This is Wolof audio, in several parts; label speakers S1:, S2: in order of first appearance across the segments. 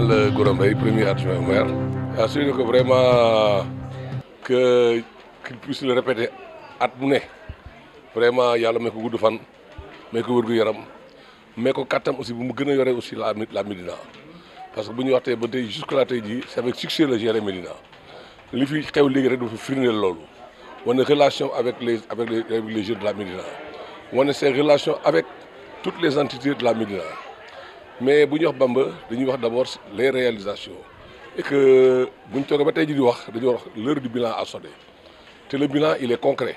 S1: le eh, premier adjoint au maire. que vraiment que qu'il puisse le répéter vraiment fan yaram aussi aussi la la parce que c'est avec succès le gérer Médina la relation avec les avec les de la Médina a ses relations avec toutes les entités de la Médina mais bu ñuy wax Bamba dañuy wax d'abord les réalisations et que bu ñu toogee ba tey ju di wax dañoo wax l'heure du bilan a sonné te le bilan il est concret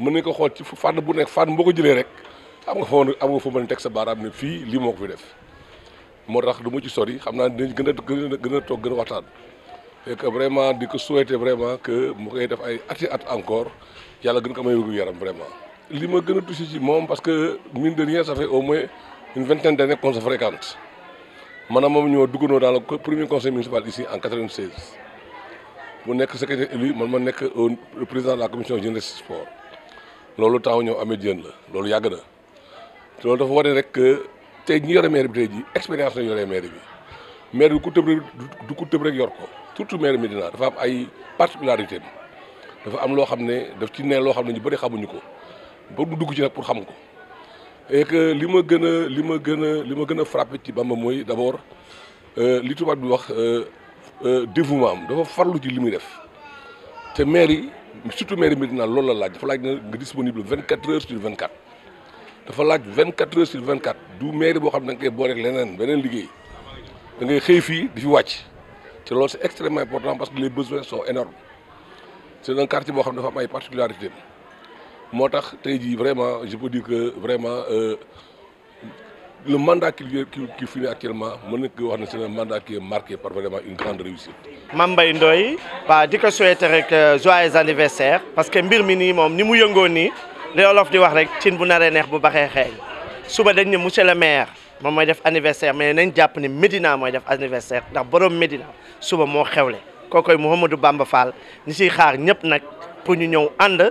S1: mën nañ ko xool ci fànn bu nekk fànn boo ko jëlee rek am nga foofu am nga fa teg sa baaraam ne fii lii moo ko fi def moo tax du ma ci sori xam naa dinañ gën a gën a gën a toog gën a waxtaan et que vraiment di ko souhaiter vraiment que mu koy def ay ati at encore yàlla gën ko may wér-gu-yaram vraiment. li ma gën a touché ci moom parce que mine de rien au moins. une vingtaine d'années qu'on se fréquente. maanaam moom ñoo duggandoo dans le premier conseil municipal ici en 96 mu nekk secrétaire élu man ma nekk le président de la commission jeunesse sport loolu taxu ñëw amee jën la loolu yàgg na loolu dafa wane rek que tey ñi yore maire bi tey jii expérience na yore maire bi maire bi ku tëb rek du ku tëb rek yor ko surtout maire Médina dafa am ay particularité dafa am loo xam ne daf ci ne loo xam ne ñu bëri xamuñu ko ba mu dugg ci nag pour xam ko et li ma gën a li ma gën a li ma gën a frappé ci Bamba mooy d' abord euh, li tubaab bi wax euh, euh, dévouement am dafa farlu ci li muy def te maire yi surtout maire yi lool loolu la laaj dafa laaj na nga disponible vingt quatre heures sur vingt quatre dafa laaj vingt quatre heures sur vingt quatre du maire boo xam ne da nga koy booleeg leneen beneen liggéey da ngay xëy fii di fi wàcc te loolu c' est extrêmement important parce que les besoins sont énormes c' est quartier boo xam ne dafa am ay particularités motax tay tey vraiment je peux dire que vraiment euh, le mandat qui qui qui finit actuellement mën nañu wax na c'est un mandat qui est marqué par vraiment une grande réussite. Mame Mbaye
S2: Ndoye waaw di ko souhaiter rek euh, joyeux anniversaire parce que mbir mi nii ni mu yëngoo nii li Wolof di wax rek cin bu naré neex bu baxé xéñ suba dañ ni monsieur le maire moom mooy def anniversaire mais nañ japp ni medina mooy def anniversaire ndax borom medina suba mo xewlé kokoy Mouhamadou Bamba Fall ni ci xaar ñep nak pour ñu ñew and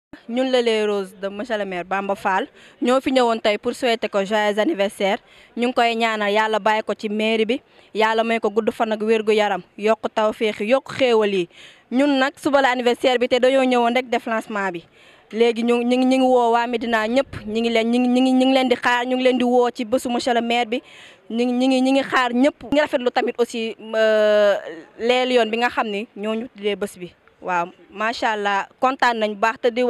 S3: ñun la les roses de monsieur le maire Bamba Fall ñoo fi ñëwoon tey pour suwete ko joyeux anniversaire ñu ngi koy ñaanal yàlla bàyyi ko ci maire bi yàlla may ko gudd fan ak wér gu yaram yokk tawféex yi yokk xéewal yi ñun nag suba la anniversaire bi te dañoo ñëwoon rek def bi. léegi ñu ngi ñu ngi woo waa Medina ñëpp ñu ngi leen ñu ngi ñu ngi leen di xaar ñu ngi leen di woo ci bésu monsieur le maire bi ñu ngi ñu ngi ñu ngi xaar ñëpp. ñu ngi rafetlu tamit aussi euh, leel yoon bi nga xam ni ñoo ñu tuddee bi. Wow, mashallah, allah kontaan nous, baax te di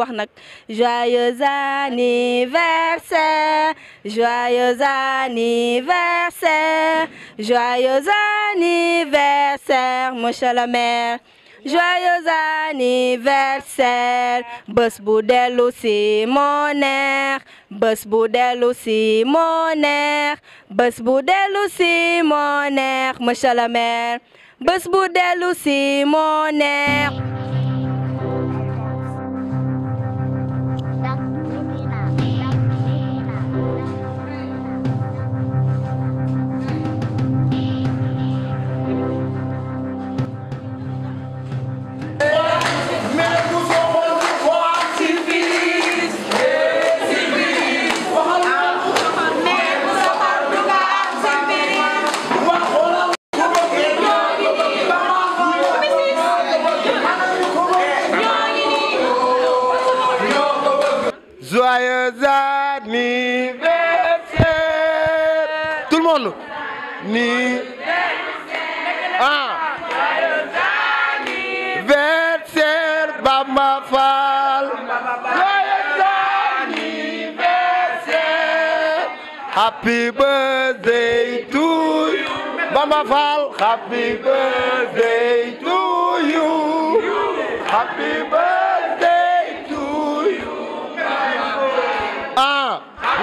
S3: joyeux anniversaire joyeux anniversaire joyeux anniversaire monsieur la mère. joyeux anniversaire bés bu aussi si moo neex bés bu dellu si moo monsieur le
S4: joyeux anniversaire. Ah. Bamba Fall.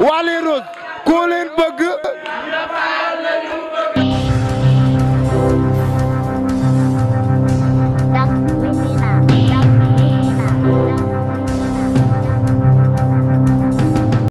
S4: Wally Rose